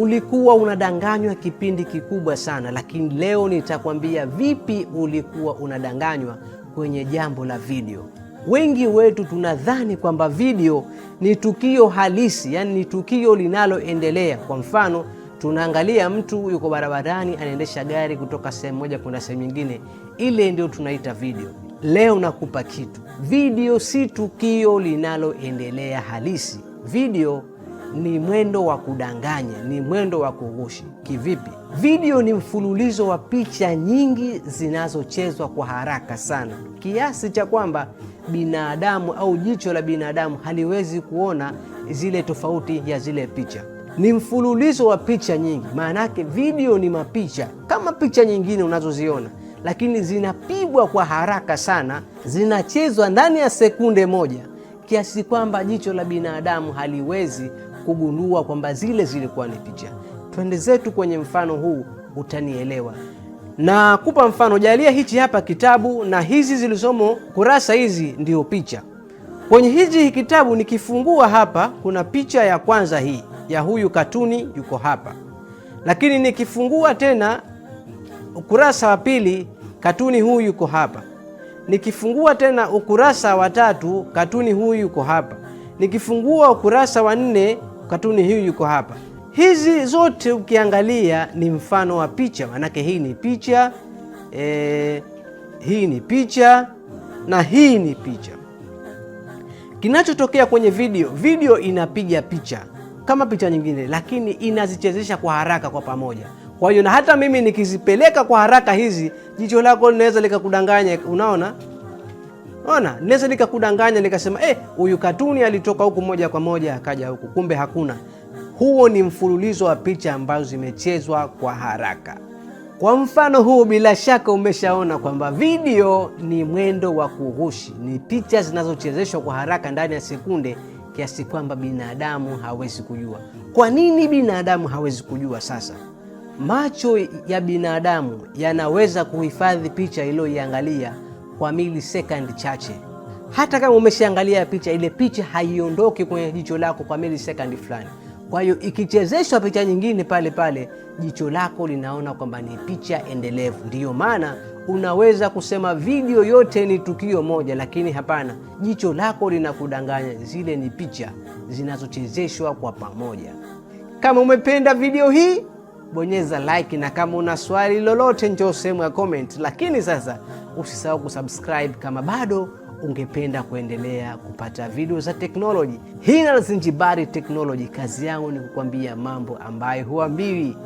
Ulikuwa unadanganywa kipindi kikubwa sana, lakini leo nitakwambia vipi ulikuwa unadanganywa kwenye jambo la video. Wengi wetu tunadhani kwamba video ni tukio halisi, yani ni tukio linaloendelea. Kwa mfano, tunaangalia mtu yuko barabarani anaendesha gari kutoka sehemu moja kwenda sehemu nyingine, ile ndio tunaita video. Leo nakupa kitu, video si tukio linaloendelea halisi. Video ni mwendo wa kudanganya, ni mwendo wa kughushi. Kivipi? Video ni mfululizo wa picha nyingi zinazochezwa kwa haraka sana, kiasi cha kwamba binadamu au jicho la binadamu haliwezi kuona zile tofauti ya zile picha. Ni mfululizo wa picha nyingi, maana yake video ni mapicha kama picha nyingine unazoziona lakini zinapigwa kwa haraka sana, zinachezwa ndani ya sekunde moja, kiasi kwamba jicho la binadamu haliwezi kugundua kwamba zile zilikuwa ni picha. Twende zetu kwenye mfano huu, utanielewa. Na kupa mfano, jalia hichi hapa kitabu na hizi zilizomo kurasa hizi ndio picha. Kwenye hichi kitabu nikifungua hapa, kuna picha ya kwanza hii ya huyu katuni yuko hapa, lakini nikifungua tena ukurasa wa pili, katuni huyu yuko hapa. Nikifungua tena ukurasa wa tatu, katuni huyu yuko hapa. Nikifungua ukurasa wa nne, katuni hii yuko hapa. Hizi zote ukiangalia ni mfano wa picha, maanake hii ni picha e, hii ni picha na hii ni picha. Kinachotokea kwenye video, video inapiga picha kama picha nyingine, lakini inazichezesha kwa haraka kwa pamoja. Kwa hiyo na hata mimi nikizipeleka kwa haraka hizi, jicho lako linaweza likakudanganya, unaona Ona, naweza nikakudanganya nikasema eh, huyu katuni alitoka huku moja kwa moja akaja huku, kumbe hakuna. Huo ni mfululizo wa picha ambazo zimechezwa kwa haraka. Kwa mfano huu, bila shaka umeshaona kwamba video ni mwendo wa kughushi, ni picha zinazochezeshwa kwa haraka ndani ya sekunde kiasi kwamba binadamu hawezi kujua. Kwa nini binadamu hawezi kujua? Sasa macho ya binadamu yanaweza kuhifadhi picha iliyoiangalia kwa milisekondi chache. Hata kama umeshaangalia picha, ile picha haiondoki kwenye jicho lako kwa mili milisekondi fulani. Kwa hiyo ikichezeshwa picha nyingine pale pale, jicho lako linaona kwamba ni picha endelevu. Ndiyo maana unaweza kusema video yote ni tukio moja, lakini hapana, jicho lako linakudanganya. Zile ni picha zinazochezeshwa kwa pamoja. Kama umependa video hii bonyeza like, na kama una swali lolote njoo sehemu ya comment. Lakini sasa usisahau kusubscribe kama bado ungependa kuendelea kupata video za teknoloji. Hii ni Alzenjbary Technology, kazi yangu ni kukwambia mambo ambayo huambiwi.